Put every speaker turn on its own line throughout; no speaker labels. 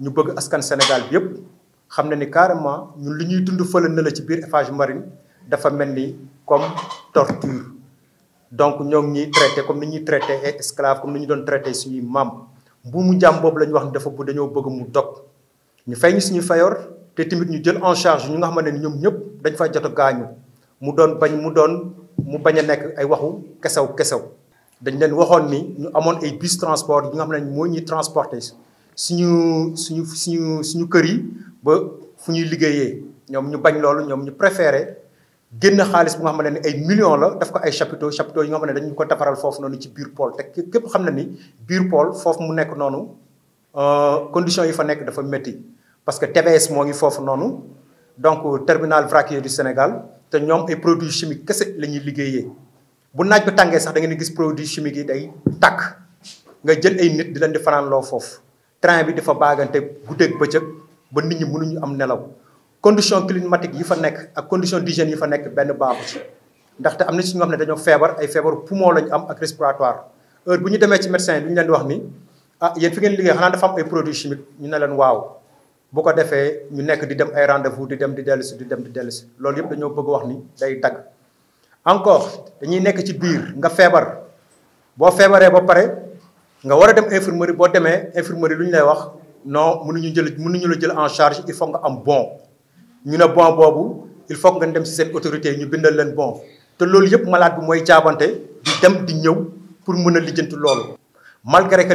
ñu bëgg askan Sénégal bi yëpp xam na ni carrément ñun li ñuy dund fële na la ci biir Eiffage Marine dafa mel ni comme torture donc ñoo ngi ñuy traité comme ni ñuy traité ay esclave comme ni ñu doon traité suñuy maam mbuumu jàmm boobu la ñu wax ni dafa bu dañoo bëgg mu dog ñu fay ñu suñu fayoor te tamit ñu jël en charge ñu nga xamante ne ñoom ñëpp dañ fa jot a gaañu mu doon bañ mu doon mu bañ a nekk ay waxu kesaw kesaw dañ leen waxoon ni ñu amoon ay bus transport yi nga xam ne moo ñuy transporter suñu suñu suñu suñu kër yi ba fu ñuy liggéeyee ñoom ñu bañ loolu ñoom ñu préféré génn xaalis bu nga xamante ne ay millions la daf ko ay chapiteaux chapiteaux yi nga xam ne dañu ko defaral foofu noonu ci biir pôle te képp xam na ni biir pôle foofu mu nekk noonu euh, condition yi fa nekk dafa métti parce que TBS moo ngi foofu noonu donc terminal vraquier du Sénégal te ñoom ay produits chimique kese la ñuy liggéeyee bu naaj bi tàngee sax da ngeen gis produits chimique yi day tàkk nga jël ay nit di leen di loo foofu train bi dafa baagante guddeeg bëccëg ba nit ñi mënuñu am nelaw condition climatique yi fa nekk ak condition d'hygiène yi fa nekk benn baaxu ci ndaxte am na ci ñoo xam ne dañoo feebar ay feebaru poumon la am ak respiratoire heure bu ñu demee ci médecin bi ñu leen di wax ni ah yéen fi ngeen liggéey xanaa dafa ñu ne leen waaw bu ko defee ñu nekk di dem ay rendez-vous di dem di di dem di bëgg wax ni day encore dañuy nekk ci biir nga feebar boo feebaree ba pare nga war dem infirmerie infirmerie lay non jël jël en charge il faut nga am bon ñu bon il faut nga dem autorité ñu bindal leen bon malade bi dem di pour mën malgré que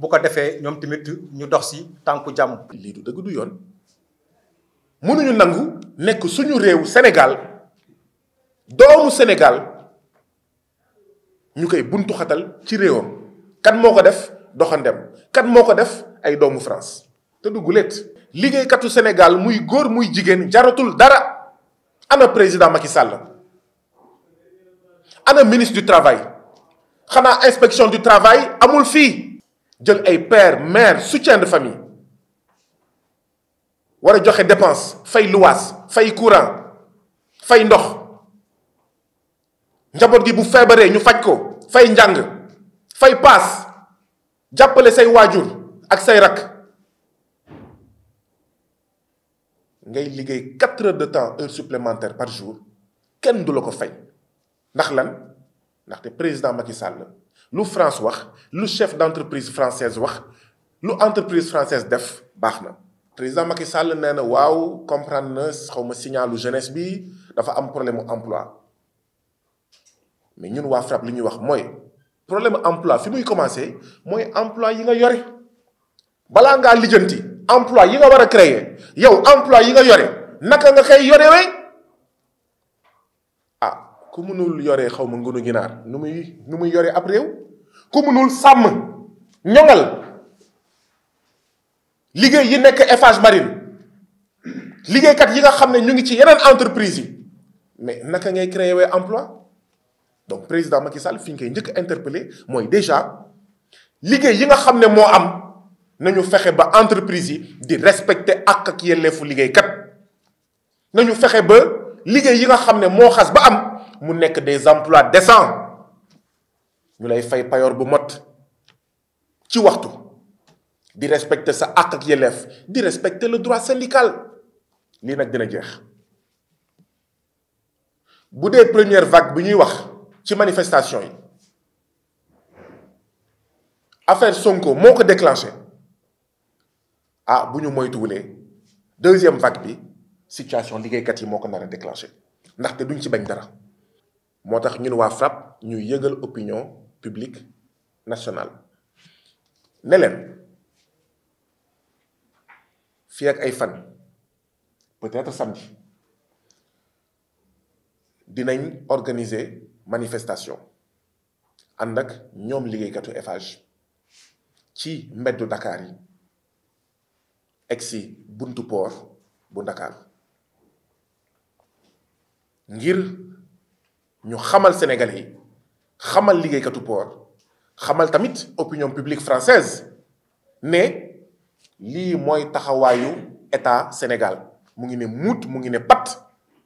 bu ko defee ñoom tamit ñu dox si tànku jàmm. lii du dëgg du yoon nangu
nekk suñu réew Sénégal doomu Sénégal ñu koy buntu xatal ci réewam kan moo def doxandem kan moo def ay doomu France te du Sénégal muy muy jaratul dara ana président Macky ana ministre du travail xanaa inspection du travail amul fii jël ay père mère soutien de famille war a joxe dépenses, fay luwaas fay courant fay ndox njaboot gi bu feebaree ñu faj ko fay njàng fay paas jàppale say waajur ak say rak ngay liggéey quatre heures de temps heure supplémentaire par jour kenn du fay ndax lan président Macky Lou France wax chef d'entreprise française wax entreprise française def baax président Macky Sall nee na waaw comprendre na xawma signal jeunesse bi dafa am problème emploi mais ñun waa Frappe li ñuy wax mooy problème emploi fi muy commencé mooy emploi yi nga yore balaa ngaa emploi yi nga a créer yow emploi yi nga yore naka nga ku mënul yoree xaw ma ngunu ginaar nu muy nu muy yoree ab réew ku mënul sàmm ñoŋal liggéey yi nekk Eiffage Marine liggéeykat yi nga xam ne ñu ngi ci yeneen entreprise yi mais naka ngay créer wee emploi donc président Macky Sall fi ñu koy njëkk interpellé mooy déjà liggéey yi nga xam ne moo am nañu fexe ba entreprise yi di respecter ak ak yelleefu liggéeykat nañu fexe ba liggéey yi nga xam ne moo xas ba am mu nekk des emplois décents ñu lay fay payor bu mot ci waxtu di respecter sa àq ak yelef di respecter le droit syndical lii nak dina jeex bu dee première vague bi ñuy wax ci manifestation yi affaire Sonko moo ko déclenché ah bu ñu moytuwulee deuxième vague bi situation liggéeykat yi moo ko nar a déclenché ndaxte duñ ci bañ dara moo tax ñun waa frappe ñu yëgal opinion publique nationale ne leen fii ak ay fan peut-être samedi dinañ organiser manifestation ànd ak ñoom liggéeykatu Eiffage ci mbeddu Dakar yi egg buntu port bu Dakar ngir ñu xamal sénégalais yi xamal liggéeykatu port xamal tamit opinion publique française ne lii mooy taxawaayu état Sénégal mu ngi ne muut mu pat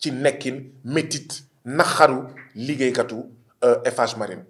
ci nekkin métit naxaru liggéeykatu euh, Eiffage Marine